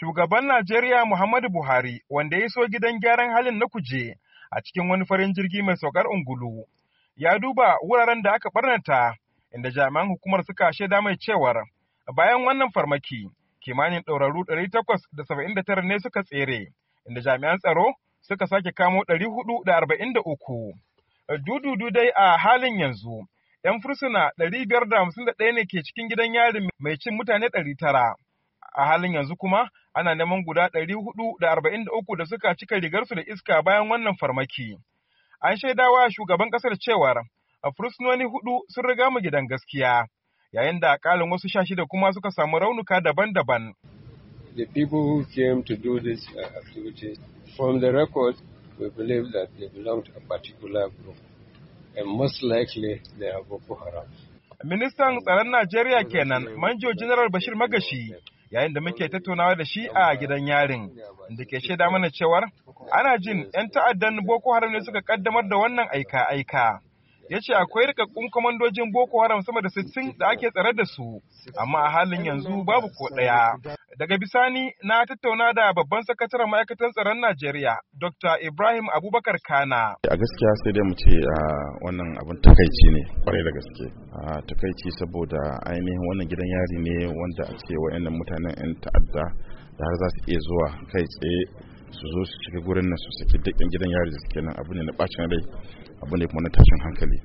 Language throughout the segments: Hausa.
Shugaban Najeriya Muhammadu Buhari wanda ya so gidan gyaran halin na kuje a cikin wani farin jirgi mai saukar ungulu ya duba wuraren da aka barnata inda jami'an hukumar suka shaida mai cewar bayan wannan farmaki kimanin ɗauraru 879 ne suka tsere inda jami'an tsaro suka sake kamo 443 dududu dai a halin yanzu 'yan fursuna 551 ne ke cikin gidan yari mai cin mutane 900 a halin yanzu kuma ana neman guda ɗari 443 da da suka cika rigarsu da iska bayan wannan farmaki. An shaidawa shugaban ƙasar cewar fursunoni hudu sun riga mu gidan gaskiya, yayin da akalin wasu sha shida kuma suka samu raunuka daban-daban. The people who came to do this uh, activity from the record, we believe that they belong to a particular group, and most likely they are Boko Haram. Ministan tsaron Najeriya kenan, Manjo General Bashir Magashi, yayin da muke tattaunawa da shi a gidan yarin da ke shaida mana cewar ana jin 'yan ta'addan boko haram ne suka kaddamar da wannan aika-aika ya ce akwai rikakkun kwamandojin Boko Haram sama da sittin da ake tsare da su, amma a halin yanzu babu ko ɗaya. Daga bisani na tattauna da babban sakataren ma'aikatan tsaron Najeriya, Dr. Ibrahim Abubakar Kana. A gaskiya sai dai mu ce wannan abin takaici ne kwarai da gaske. Takaici saboda ainihin wannan gidan yari ne wanda a ce wa'annan mutanen 'yan ta'adda da har za su iya zuwa kai tsaye su zo su shiga gurin nan su saki dakin gidan yari da suke nan abu ne na bacin rai abu ne kuma na tashin hankali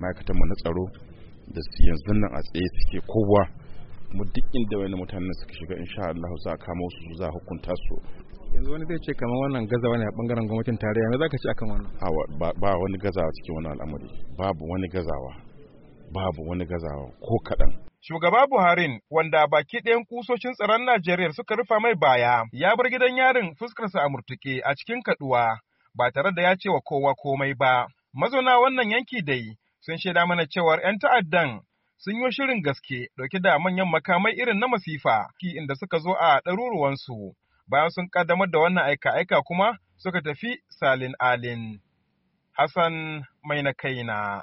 ma'aikatan mu na tsaro da su yanzu nan a tsaye suke kowa mu duk inda wani mutanen suka shiga insha Allah za a kamo su za hukunta su yanzu wani zai ce kamar wannan gazawa ne a bangaren gwamnatin tarayya me zaka ce akan wannan ba wani gazawa cikin wani al'amari babu wani gazawa babu wani gazawa ko kaɗan. Shugaba Buharin, wanda baki ɗayan kusoshin tsaron Najeriya suka rufa mai baya, ya bar gidan yarin fuskarsa a murtuke a cikin kaɗuwa, ba tare da ya ce wa kowa komai ba. Mazauna wannan yanki dai sun shaida mana cewar 'yan ta'addan sun yi shirin gaske ɗauke da manyan makamai irin na masifa ki inda suka zo a ɗaruruwansu bayan sun ƙaddamar da wannan aika-aika kuma suka tafi salin alin. Hassan mai na kaina.